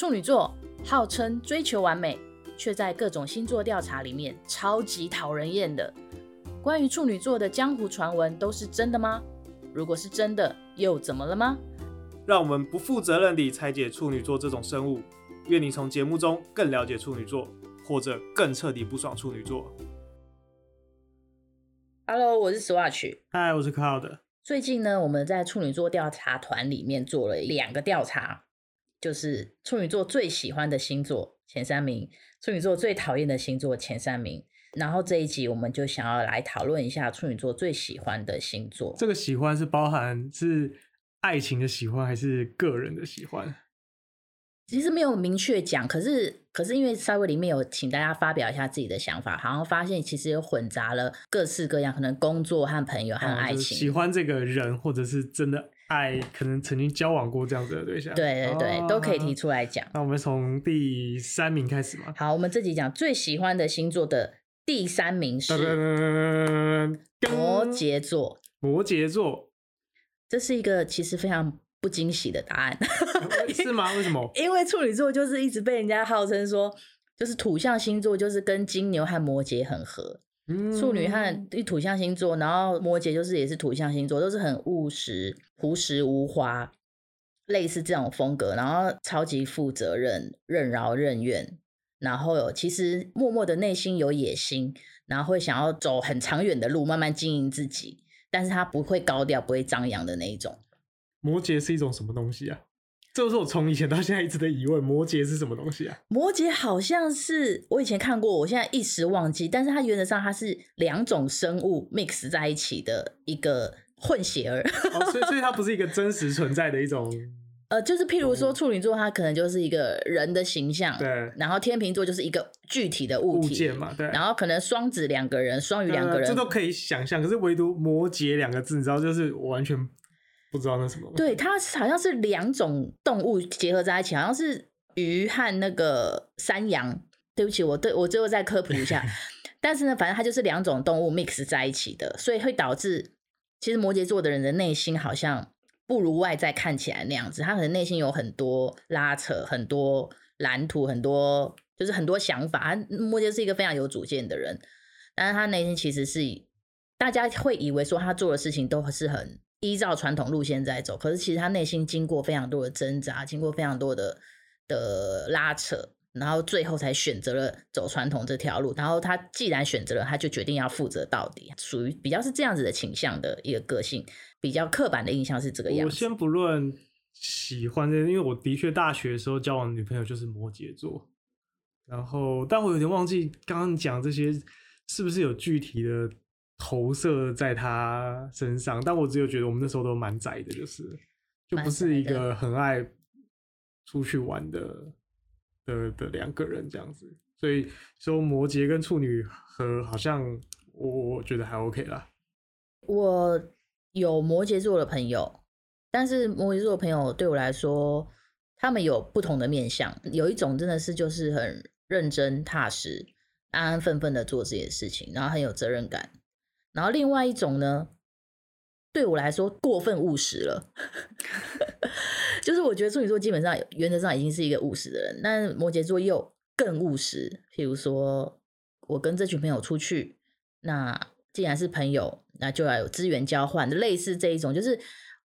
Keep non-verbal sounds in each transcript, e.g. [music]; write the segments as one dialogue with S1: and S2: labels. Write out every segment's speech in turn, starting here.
S1: 處女座號稱追求完美，卻在各種星座調查裡面超級討人厭的。關於處女座的江湖傳聞都是真的嗎？如果是真的，又怎麼了嗎？
S2: 讓我們不負責任地拆解處女座這種生物。願你從節目中更了解處女座，或者更徹底不爽處女座。
S1: Hello，我是 Swatch，嗨，Hi，我是 Cloud。最近呢，我們在處女座調查團裡面做了兩個調查。就是處女座最喜歡的星座前三名，處女座最討厭的星座前三名。然後這一集我們就想要來討論一下處女座最喜歡的
S2: 星座。這個喜歡是包含是愛情的喜歡，還是個人的喜歡？
S1: 其實沒有明確講，可是可是因為社會裡面有請大家發表一下自己的想法，然後發現其實有混雜了各式各樣，可能工作和朋友和愛情，啊就是、喜
S2: 歡這個人或者是真的。愛，可能曾經交往過這樣子的對象，對對對，哦、都可以提出來講。那我們從第三名開始嘛？好，我們這集講最喜
S1: 歡的星座的第三名是摩羯座。摩羯座，這是一個其實非常不驚喜的答案，
S2: 是嗎？ [laughs] 為、為什麼？
S1: 因為處女座就是一直被人家號稱說，就是土象星座，就是跟金牛和摩羯很合。處女和土象星座，然後摩羯，就是也是土象星座，都是很務實、樸實無華，類似這種風格，然後超級負責任、任勞任怨，然後其實默默的內心有野心，然後會想要走很長遠的路，慢慢經營自己，但是他不會高調、不會張揚的那一種。
S2: 摩羯是一種什麼東西啊？這是我從以前到現在一直的疑問：摩羯是什麼東西啊？
S1: 摩羯好像是我以前看過，我現在一時忘記。但是它原則上它是兩種生物 mix 在一起的一
S2: 個混血兒，哦、所以所以它不是一個真實存在的一種。 [laughs]
S1: 呃，就是譬如說處女、哦、座，它可能就是一個人的形象；對，然後天秤座就是一個具體的物體物件嘛，對。然後可能雙子兩個人，雙魚兩個人，這都
S2: 可以想象。可是唯獨摩羯兩個字，你知道，就是我完全。不知道那什麼？對，
S1: 他好像是兩種動物結合在一起，好像是魚和那個山羊。對不起，我對我最後再科普一下。 [laughs] 但是呢，反正他就是兩種動物 mix 在一起的，所以會導致其實摩羯座的人的內心好像不如外在看起來那樣子。他可能內心有很多拉扯，很多藍圖，很多就是很多想法。他摩羯是一個非常有主見的人，但是他內心其實是大家會以為說他做的事情都是很。依照傳統路線在走，可是其實他內心經過非常多的掙扎，經過非常多的的拉扯，然後最後才選擇了走傳統這條路。然後他既然選擇了，他就決定要負責到底，屬於比較是這樣子的傾向的一個個性，
S2: 比較刻板的印象是這個樣子。我先不論喜歡的，因為我的確大學的時候交往女朋友就是摩羯座，然後但我有點忘記剛剛講這些是不是有具體的。投射在他身上，但我只有覺得我們那時候都蠻宅的，就是就不是一個很愛出去玩的的的兩個人這樣子，所以說摩羯跟處女合好像我我覺得還 OK 啦。
S1: 我有摩羯座的朋友，但是摩羯座的朋友對我來說，他們有不同的面向，有一種真的是就是很認真踏實、安安分分的做這些事情，然後很有責任感。然後另外一種呢，對我來說過分務實了， [laughs] 就是我覺得處女座基本上原則上已經是一個務實的人，那摩羯座又更務實。譬如說，我跟這群朋友出去，那既然是朋友，那就要有資源交換，類似這一種，就是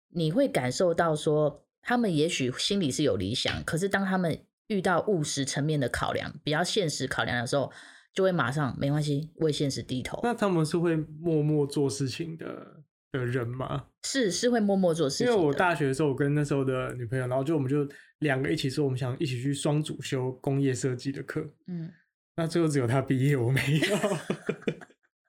S1: 你會感受到說，他們也許心裡是有理想，可是當他們遇到務實層面的考量，比較現實考量的時候。
S2: 就會馬上沒關係，為現實低頭。那他們是會默默做事情的的人嗎？是，是會默默做事情的。因為我大學的時候，我跟那時候的女朋友，然後就我們就兩個一起說，我們想一起去雙主修工業設計的課。嗯，那最後只有她畢業，我沒有。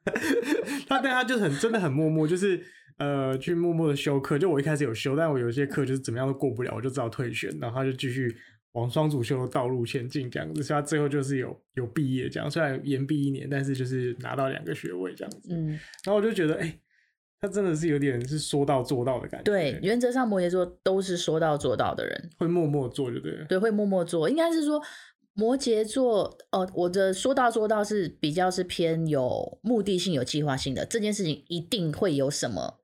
S2: [laughs] [laughs] 他但他就很真的很默默，就是呃去默默的修課。就我一開始有修，但我有一些課就是怎麼樣都過不了，我就只好退選，然後他就繼續往雙主修的道路前進，這樣子，所以他最後就是有有畢業，這樣雖然延畢一年，但是就是拿到兩個學位這樣子。嗯，然後我就覺得，哎、欸，他真的是有點是說到做到的感覺
S1: 對。對，原則上摩羯座都是說到做到的人，會默默做就對了。對，會默默做，應該是說摩羯座哦、呃，我的說到做到是比較是偏有目的性、有計劃性的，這件事情一定會有什麼。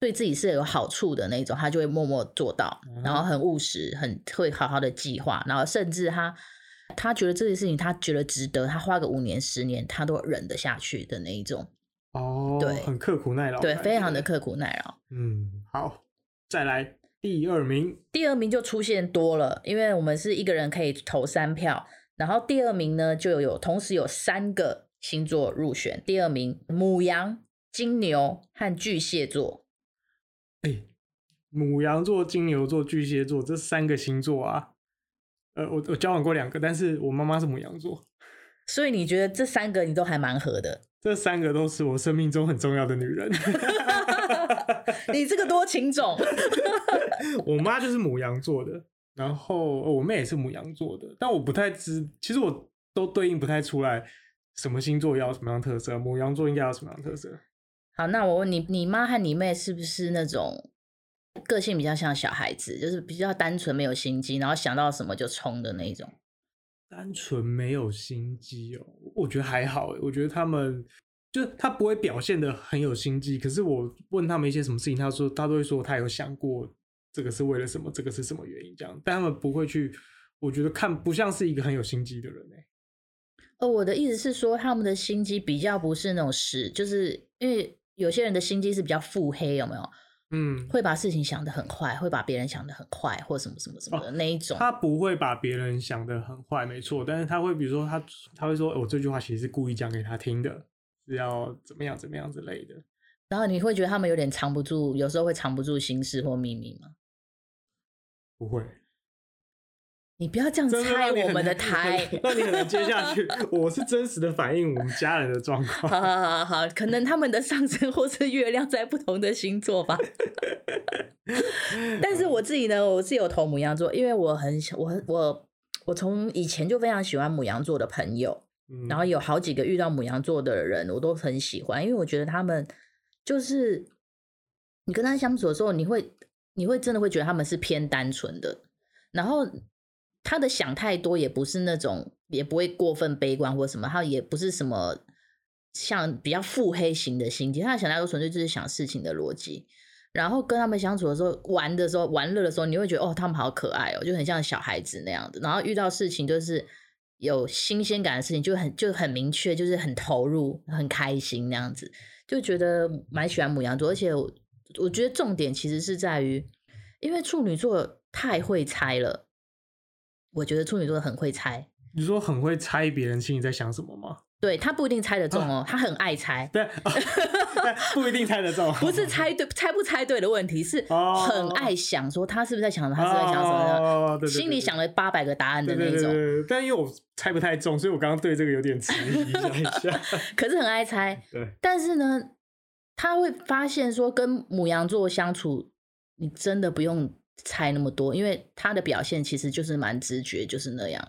S1: 對自己是有好處的那種，他就會默默做到，然後很務實，很會好好的計劃，然後甚至他他覺得這件事情他覺得值得，他花個五年十年他都忍得下去的那一種。
S2: 哦，對，很刻苦耐勞，對，okay. 非
S1: 常的刻苦耐勞。嗯，好，再來第二名，第二名就出現多了，因為我們是一個人可以投三票，然後第二名呢就有同時有三個星座入選，第二名牡羊、金牛和巨蟹
S2: 座。哎，牡羊座、金牛座、巨蟹座這三個星座啊，呃，我我交往過兩個，但是我媽媽是牡羊座。所以你覺得這三個你都還蠻合的？這三個都是我生命中很重要的女人，
S1: [laughs] [laughs] 你這個多情種。
S2: [laughs] 我媽就是牡羊座的，然後我妹也是牡羊座的，但我不太知，其實我都對應不太出來什麼星座要什麼樣的特色，牡羊座應該要什麼樣的特色？
S1: 好，那我問你，你媽和你妹是不是那種個性比較像小孩子，就是比較單純沒有心機，然後想到什麼就衝的那種？
S2: 單純沒有心機哦、喔，我覺得還好。我覺得他們就是他不會表現得很有心機。可是我問他們一些什麼事情，他說他都會說他有想過這個是為了什麼，這個是什麼原因這樣。但他們不會去，我覺得看不像是一個很有心機的人哎。
S1: 呃，我的意思是說，他們的心機比較不是那種事，就是因為。有些人的心機是比較腹黑，有沒有？嗯，會把事情想的很壞，會把別人想的很壞，或什麼什麼什麼
S2: 的、哦、那一種。他不會把別人想的很壞，沒錯，但是他會，比如說他他會說、欸，我這句話其實是故意講給他聽的，是要怎麼樣怎麼樣之類的。
S1: 然後你會覺得他們有點藏不住，有時候會藏不住心事或秘密嗎？
S2: 不會。你不要這樣拆我們的臺那你很難接下去。 [laughs] 我是真實的反映我們家人的狀
S1: 況。好，好好好，可能他們的上升或是月亮在不同的星座吧。 [laughs] [laughs] 但是我自己呢，我是有投牡羊座，因為我很我我我從以前就非常喜歡牡羊座的朋友、嗯，然後有好幾個遇到牡羊座的人，我都很喜歡，因為我覺得他們就是你跟他相處的時候你，你會你會真的會覺得他們是偏單純的，然後。他的想太多也不是那種，也不會過分悲觀或什麼，他也不是什麼像比較腹黑型的心情，他想太多純粹就是想事情的邏輯。然後跟他們相處的時候，玩的時候，玩樂的時候，你會覺得哦，他們好可愛哦，就很像小孩子那樣子。然後遇到事情就是有新鮮感的事情，就很就很明確，就是很投入、很開心那樣子，就覺得蠻喜歡牡羊座。而且我，我覺得重點其實是在於，因為處女座太會猜了。
S2: 我覺得處女座很會猜。你說很會猜別人心裡在想什麼嗎？
S1: 對，他不一定猜得中哦，啊、他很愛猜。
S2: 對，哦、 [laughs] 不一定猜得中、哦。 [laughs] 不是
S1: 猜對 [laughs] 猜不猜對的問題，是很愛想說他是不是在想什麼，他是在想什麼、啊啊啊啊啊、對對對對，心裡想了八百個答案的那種對對對對。
S2: 但因為我猜不太中，所以我剛剛對這個有點遲疑一下、一下。
S1: [laughs] 可是很愛猜。對。但是呢，他會發現說跟牡羊座相處，你真的不用。猜那麼多，因為他的表現其實就是蠻直覺，就是那樣。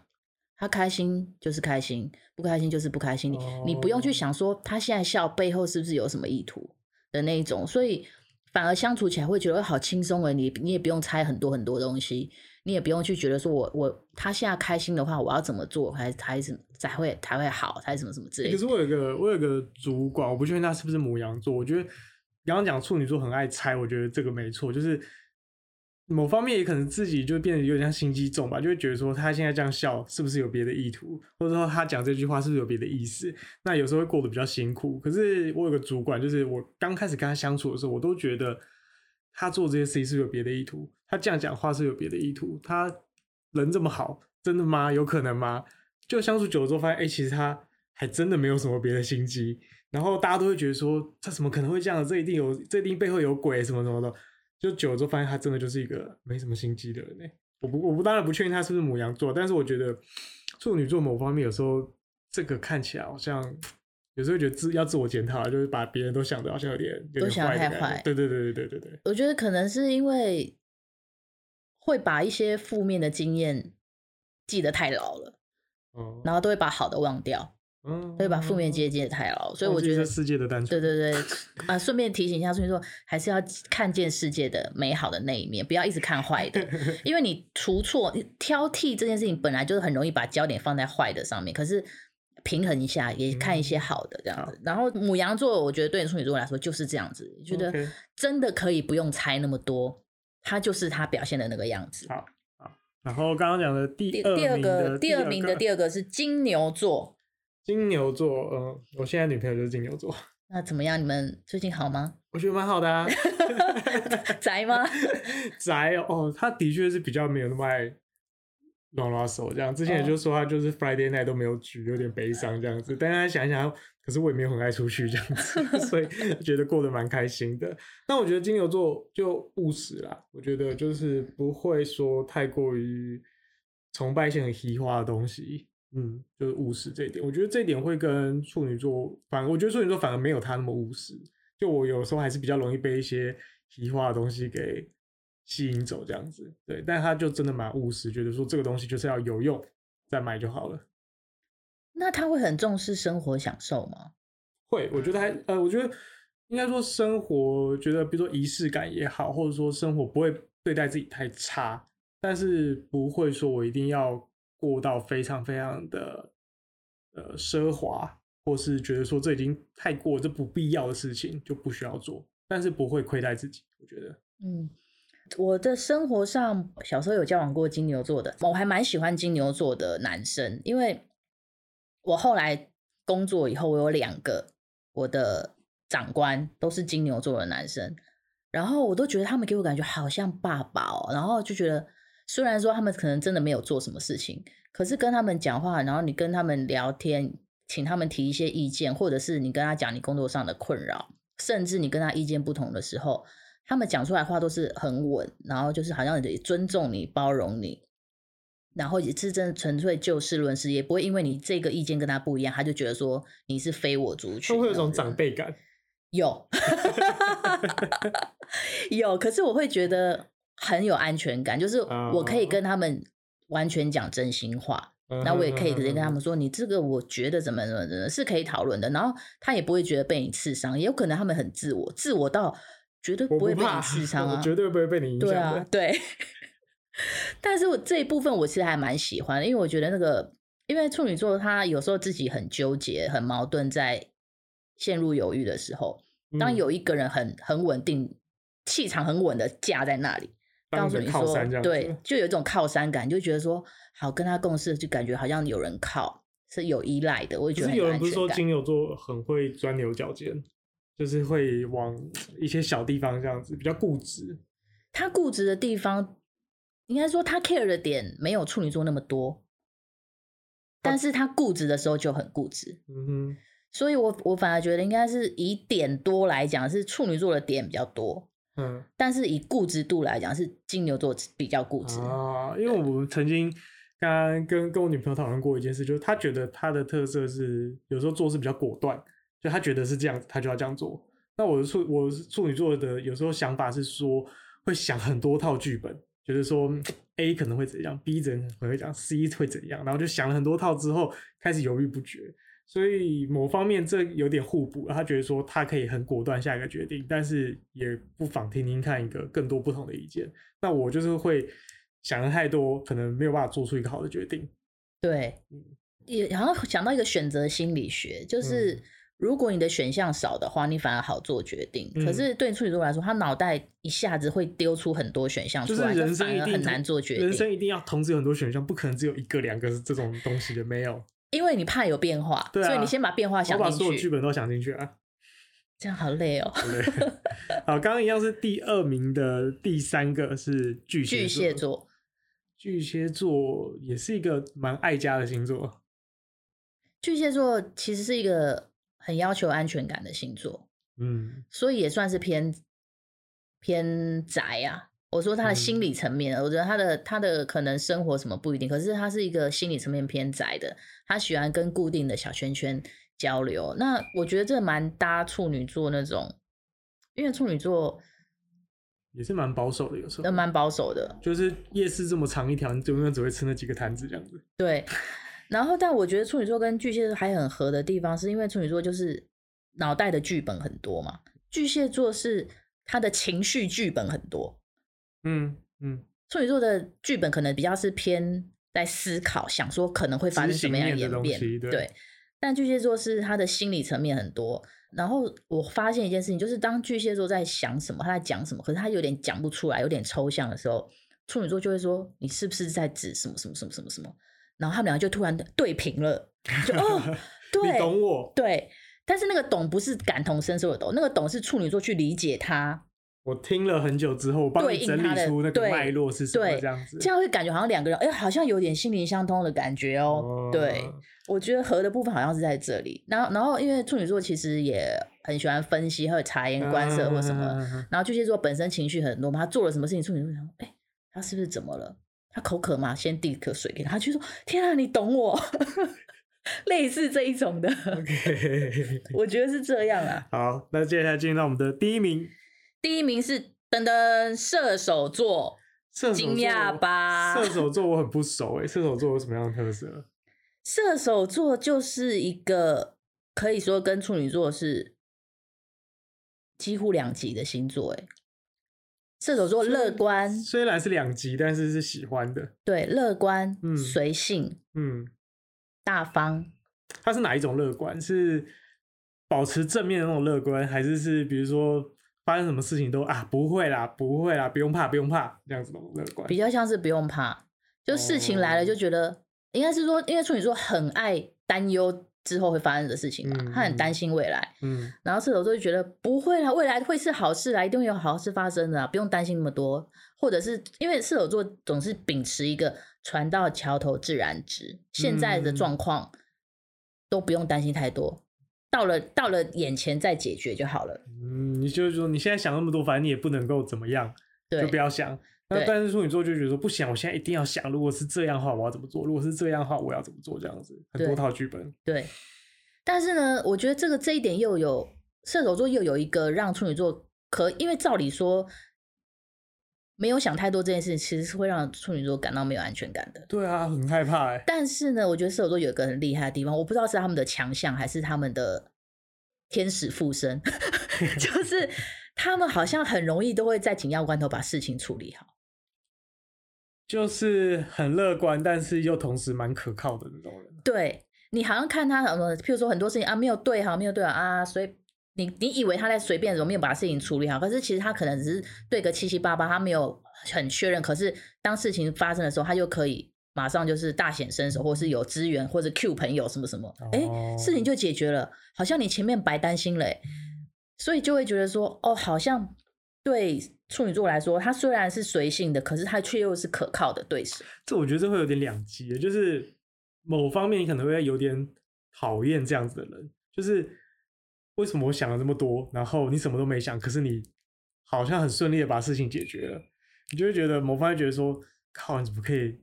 S1: 他開心就是開心，不開心就是不開心。你，你不用去想說他現在笑背後是不是有什麼意圖的那一種，所以反而相處起來會覺得會好輕鬆誒，你你也不用猜很多很多東西，你也不用去覺得說我我他現在開心的話，我要怎麼做才才才會才會好才什麼什麼之類。可
S2: 是我有一個我有一個主管，我不確定他是不是牡羊座。我覺得剛剛講處女座很愛猜，我覺得這個沒錯，就是。某方面也可能自己就變得有點像心機重吧，就會覺得說他現在這樣笑是不是有別的意圖，或者說他講這句話是不是有別的意思？那有時候會過得比較辛苦。可是我有個主管，就是我剛開始跟他相處的時候，我都覺得他做這些事情是，是有別的意圖，他這樣講話是，是有別的意圖，他人這麼好，真的嗎？有可能嗎？就相處久了之後發現，哎、欸，其實他還真的沒有什麼別的心機。然後大家都會覺得說他怎麼可能會這樣？這一定有，這一定背後有鬼什麼什麼的。就久了之後發現他真的就是一個沒什麼心機的人呢，我不我不當然不確定他是不是牡羊座，但是我覺得處女座某方面有時候這個看起來好像有時候覺得自要自我檢討，就是把別人都想的好像有點都想得太壞，對對對對對對
S1: 對，我覺得可能是因為會把一些負面的經驗記得太牢
S2: 了，嗯，然
S1: 後都會把好的忘掉。嗯以把負面接的接太牢，所以我覺得、
S2: 哦、世界的單純。對
S1: 對對， [laughs] 啊，順便提醒一下，處女座還是要看見世界的美好的那一面，不要一直看壞的， [laughs] 因為你除錯、你挑剔這件事情本來就是很容易把焦點放在壞的上面。可是平衡一下，也看一些好的這樣子。嗯、然後牡羊座，我覺得對處女座來說就是這樣子、okay，覺得真的可以不用猜那麼多，他就是他表現的那個樣子。好，好
S2: 然後剛剛講的第二的第，第二個，第二，個，第，二個第二名的第二個是金牛座。金牛座，嗯，我現在女朋友就是金牛座。
S1: 那怎麼樣？你們最近好嗎？
S2: 我覺得蠻好的啊。
S1: 宅 [laughs] [laughs] 宰嗎？
S2: 宅 [laughs] 哦，他的確是比較沒有那麼愛拉拉手這樣。之前也就說他就是 Friday Night 都沒有舉，有點悲傷這樣子。但是他想一想，可是我也沒有很愛出去這樣子，所以覺得過得蠻開心的。 [laughs] 那我覺得金牛座就務實啦。我覺得就是不會說太過於崇拜性、很虛化的東西。嗯，就是務實這一點，我覺得這一點會跟處女座，反而，我覺得處女座反而沒有他那麼務實。就我有時候還是比較容易被一些虛華的東西給吸引走，這樣子。對，但他就真的蠻務實，覺得說這個東西就是要有用再買就好了。
S1: 那他會很重視生活享受嗎？
S2: 會，我覺得還，呃，我覺得應該說生活，覺得比如說儀式感也好，或者說生活不會對待自己太差，但是不會說我一定要。過到非常非常的呃奢華，或是覺得說這已經太過，這不必要的事情就不需要做，但是不會虧待自己。我覺得，
S1: 嗯，我的生活上小時候有交往過金牛座的，我還蠻喜歡金牛座的男生，因為我後來工作以後，我有兩個我的長官都是金牛座的男生，然後我都覺得他們給我感覺好像爸爸喔，然後就覺得。雖然說他們可能真的沒有做什麼事情，可是跟他們講話，然後你跟他們聊天，請他們提一些意見，或者是你跟他講你工作上的困擾，甚至你跟他意見不同的時候，他們講出來話都是很穩，然後就是好像你尊重你、包容你，然後也是真的純粹就事論事，也不會因為你這個意見跟他不一樣，他就覺得說你是非我族群，他會有一種長輩感，有， [laughs] 有，可是我會覺得。很有安全感，就是我可以跟他們完全講真心話，uh, 那我也可以直接跟他們說，你這個我覺得怎麼怎麼怎麼是可以討論的，然後他也不會覺得被你刺傷，也有可能他們很自我，自我到絕
S2: 對不會被你刺傷啊，絕對不會被你影響，對啊，
S1: 對， [laughs] 但是我這一部分我其實還蠻喜歡的，因為我覺得那個，因為處女座他有時候自己很糾結、很矛盾，在陷入猶豫的時候，當有一個人很很穩定、氣場很穩的架在那裡。當成靠山這樣子，告訴你說，對，就有一種靠山感，就覺得說好跟他共事，就感覺好像有人靠，是有依賴的。我覺得有，有人不是說金
S2: 牛座很會鑽牛角尖，就是會往一些小地方這樣子比較固執。
S1: 他固執的地方，應該說他 care 的點沒有處女座那麼多，但是他固執的時候就很固執。嗯哼，所以我我反而覺得應該是以點多來講，是處女座的點比較多。嗯，但是以固執度來講，是金牛座比較固執
S2: 啊。因為我曾經剛剛跟跟我女朋友討論過一件事，就是她覺得她的特色是有時候做事比較果斷，所以她覺得是這樣，她就要這樣做。那我的處我處女座的，有時候想法是說會想很多套劇本，就是說 A 可能會怎樣，B 可能會怎樣，C 會怎樣，然後就想了很多套之後，開始猶豫不決。所以某方面這有點互補。他覺得說他可以很果斷下一個決定，但是也不妨聽聽看一個更多不同的意見。那我就是會想的太多，可能沒有辦法做出一個好的決定。
S1: 對，嗯、也然後想到一個選擇心理學，就是如果你的選項少的話、嗯，你反而好做決定。嗯、可是對你處女座來說，他腦袋一下子會丟出很多選項出來，就是、人生一定就很難做決定。人生
S2: 一定要同時有很多選項，不可能只有一個、兩個這種東西的，沒有。
S1: 因為你怕有變化，啊，所以你先把變化想進去。我把所有劇
S2: 本都想進去啊，
S1: 這樣好累哦。好
S2: 累，剛剛一樣是第二名的第三個是巨蟹座，巨蟹座，巨蟹座也是一個蠻愛家的星座。
S1: 巨蟹座其實是一個很要求安全感的星座，
S2: 嗯，
S1: 所以也算是偏偏宅啊。我說他的心理層面，嗯，我覺得他的他的可能生活什麼不一定，可是他是一個心理層面偏窄的，他喜歡跟固定的小圈圈交流。那我覺得這蠻搭處女座那種，因為處女座
S2: 也是蠻保守的，有時候蠻保守的，就是夜市這麼長一條，你永遠只會吃那幾個攤子這樣子。
S1: 對，然後但我覺得處女座跟巨蟹座還很合的地方，是因為處女座就是腦袋的劇本很多嘛，巨蟹座是他的情緒劇本很多。嗯嗯，處女座的劇本可能比較是偏在思考，想說可能會發生什麼樣的演變，對，對。但巨蟹座是他的心理層面很多。然後我發現一件事情，就是當巨蟹座在想什麼，他在講什麼，可是他有點講不出來，有點抽象的時候，處女座就會說，你是不是在指什麼什麼什麼什麼什麼？然後他們兩個就突然對平了，就 [laughs] 哦，對，你懂我，對。但是那個懂不是感同身受的懂，那個懂是處女座去理解他。
S2: 我聽了很久之後，幫你整理出那個脈絡是什麼這樣子。對對對，這樣
S1: 會感覺好像兩個人，哎，好像有點心靈相通的感覺哦。Oh. 對，我覺得合的部分好像是在這裡。然後，然後因為處女座其實也很喜歡分析，還有察言觀色或什麼。Uh. 然後巨蟹座本身情緒很多嘛，他做了什麼事情，處女座想，哎，他是不是怎麼了？他口渴嗎？先遞一顆水給他，他就說：天啊，你懂我， [laughs] 類似這一種的。
S2: Okay.
S1: 我覺得是這樣啊。
S2: 好，那接下來進入到我們的第一名。
S1: 第一名是登登射手座，驚訝吧？射手
S2: 座我很不熟誒。射手座有什麼樣的特色？
S1: 射手座就是一個可以說跟處女座是幾乎兩極的星座誒。
S2: 射手座樂觀，雖然是兩極但是是喜歡的。
S1: 對，樂觀，隨性，嗯，
S2: 嗯，大方。他是哪一種樂觀？是保持正面的那種樂觀，還是是比如說？發生什麼事情都啊，不會啦，不會啦，不用怕，不用怕，這樣子吧，那個、比較像是不用怕，就
S1: 事情來了就覺得，哦、應該是說，因為處女座很愛擔憂之後會發生的事情嘛、嗯，他很擔心未來。嗯。然後射手座就覺得不會啦，未來會是好事啊，一定會有好事發生的、啊，不用擔心那麼多。或者是因為射手座總是秉持一個船到橋頭自然直，現在的狀況都不用擔心太多。嗯到了，到了眼前再解決就好
S2: 了。嗯，你就是說你現在想那麼多，反正你也不能夠怎麼樣，
S1: 對，就不要
S2: 想。但是處女座就覺得說不想，我現在一定要想。如果是這樣的話，我要怎麼做？如果是這樣的話，我要怎麼做？這樣子很多套劇本。對，對，
S1: 但是呢，我覺得這個這一點又有射手座又有一個讓處女座可，因為照理說。沒有想太多這件事，其實是會讓處女座感到沒有安全感的。對啊，很害怕哎、欸。但是呢，我覺得射手座有一個很厲害的地方，我不知道是他們的強項還是他們的天使附身， [laughs] 就是他們好像很容易都會在緊要關頭把事情處理好，
S2: 就是很樂觀，但是又同時蠻可靠的那種人。
S1: 對，你好像看他什麼，譬如說很多事情啊，沒有，對哈，沒有，對啊，所以。你你以為他在隨便，沒有把事情處理好，可是其實他可能只是對個七七八八，他沒有很確認。可是當事情發生的時候，他就可以馬上就是大顯身手，或是有資源，或是 cue 朋友什麼什麼，哎、哦欸，事情就解決了，好像你前面白擔心了。所以就會覺得說，哦，好像對處女座來說，他雖然是隨性的，可是他卻又是可靠的對手。這我
S2: 覺得這會有點兩極，就是某方面你可能會有點討厭這樣子的人，就是。為什麼我想了這麼多，然後你什麼都沒想，可是你好像很順利的把事情解決了，你就會覺得某方面覺得說，靠，你怎麼可以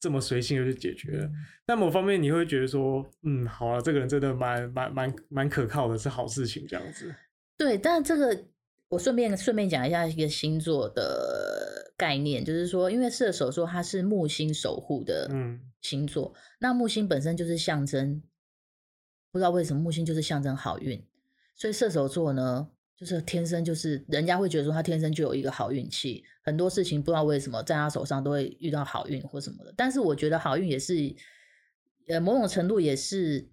S2: 這麼隨性就解決了？但某方面你會覺得說，嗯，好了、啊，這個人真的蠻蠻蠻蠻可靠的，是好事情這樣子。
S1: 對，但這個我順便順便講一下一個星座的概念，就是說，因為射手座它是木星守護的星座、嗯，那木星本身就是象徵，不知道為什麼木星就是象徵好運。所以射手座呢，就是天生就是人家會覺得說他天生就有一個好運氣，很多事情不知道為什麼在他手上都會遇到好運或什麼的。但是我覺得好運也是，呃，某種程度也是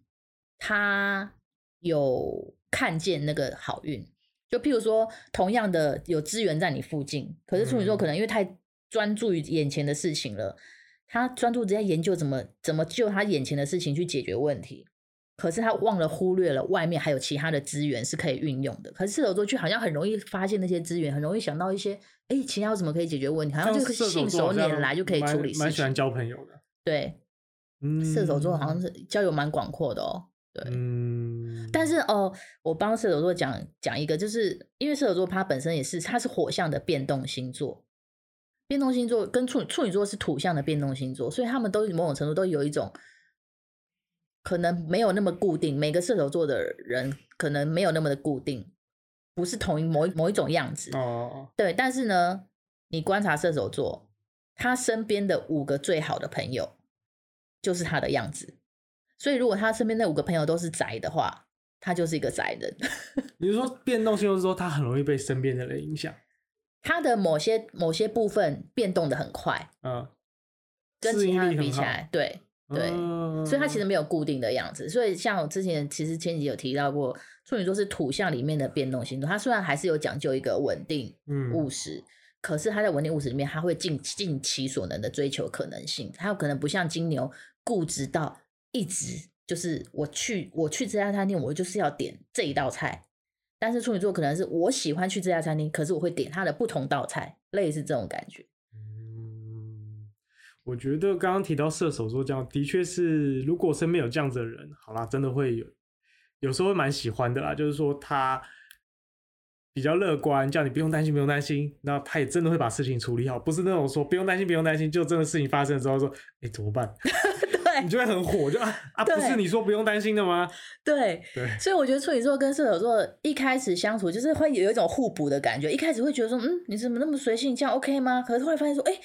S1: 他有看見那個好運。就譬如說，同樣的有資源在你附近，可是處女座可能因為太專注於眼前的事情了，他專注在研究怎麼怎麼就他眼前的事情去解決問題。可是他忘了，忽略了外面還有其他的資源是可以運用的。可是射手座卻好像很容易發現那些資源，很容易想到一些哎、欸，其他有什麼可以解決問題，像好像就是信手拈來就可以處理事。蠻喜歡
S2: 交朋友的，對，嗯、射手座
S1: 好像是交友蠻廣闊的哦。對，嗯，但是哦，我幫射手座講講一個，就是因為射手座它本身也是，它是火象的變動星座，變動星座跟處處女座是土象的變動星座，所以他們都某種程度都有一種。可能沒有那麼固定，每個射手座的人可能沒有那麼的固定，不是同一某一某一種樣子哦。Oh. 對，但是呢，你觀察射手座，他身邊的五個最好的朋友就是他的樣子。所以，如果他身邊那五個朋友都是宅的話，他就是一個宅人。
S2: 你 [laughs] 是說變動性，就是說他很容易被身邊的人影響？
S1: 他的某些某些部分變動得很快，嗯、
S2: oh.，跟其他比起來，對。對，uh...
S1: 所以它其實沒有固定的樣子。所以像我之前其實前幾集有提到過，處女座是土象裡面的變動星座。它雖然還是有講究一個穩定、務實、嗯，可是它在穩定務實裡面，它會盡盡其所能的追求可能性。它有可能不像金牛固執到一直就是我去我去這家餐廳，我就是要點這一道菜。但是處女座可能是我喜歡去這家餐廳，可是我會點它的不同道菜，類似這種感覺。
S2: 我覺得剛剛提到射手座這樣，的確是，如果身邊有這樣子的人，好啦，真的會有有時候會蠻喜歡的啦。就是說他比較樂觀，叫你不用擔心，不用擔心。那他也真的會把事情處理好，不是那種說不用擔心，不用擔心，就真的事情發生之後說，哎，怎麼辦？ [laughs] 對，你就會很火，就啊啊，不是你說不用擔心的嗎？對，對。
S1: 所以我覺得處女座跟射手座一開始相處，就是會有一種互補的感覺。一開始會覺得說，嗯，你怎麼那麼隨性？這樣 OK 嗎？可是後來發現說，哎。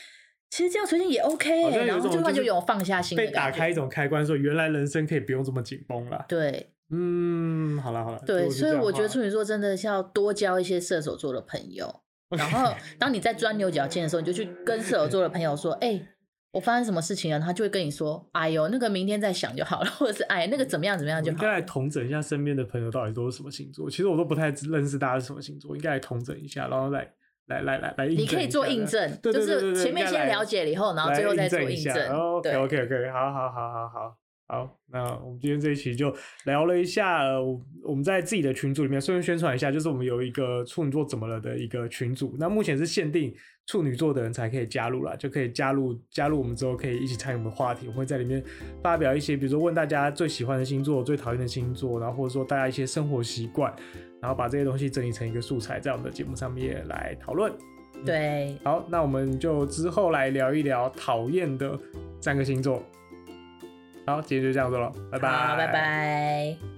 S1: 其實這樣隨性也 OK，哦、然後就塊就有放下
S2: 心。以、就是、打開一種開關，說原來人生可以不用這麼緊繃了。對，嗯，好了好了。對，所以我覺得處女
S1: 座真的是要多交一些射手座的朋友。Okay、然後當你在鑽牛角尖的時候，你就去跟射手座的朋友說：“哎、 [laughs] 欸，我發生什麼事情了、啊？”然後他就會跟你說：“哎呦，那個明天再想就好了，或者是哎，那個怎麼樣怎麼樣就好了。”
S2: 應該來統整一下身邊的朋友到底都是什麼星座。其實我都不太認識大家是什麼星座，應該來統整一下，然後來來來來來，你可以做印證，對對對對對，就是前面先了解了以後，然後最後再做印證。印證 OK OK OK，好好好好好，好，那我們今天這一期就聊了一下，我們在自己的群組裡面順便宣傳一下，就是我們有一個處女座怎麼了的一個群組，那目前是限定處女座的人才可以加入啦，就可以加入加入，我們之後可以一起參與我們話題，我們會在裡面發表一些，比如說，問大家最喜歡的星座、最討厭的星座，然後或者說大家一些生活習慣。然後把這些東西整理成一個素材，在我們的節目上面來討論，嗯。對，好，那我們就之後來聊一聊討厭的三個星座。好，今天就這樣子了，拜拜，拜
S1: 拜。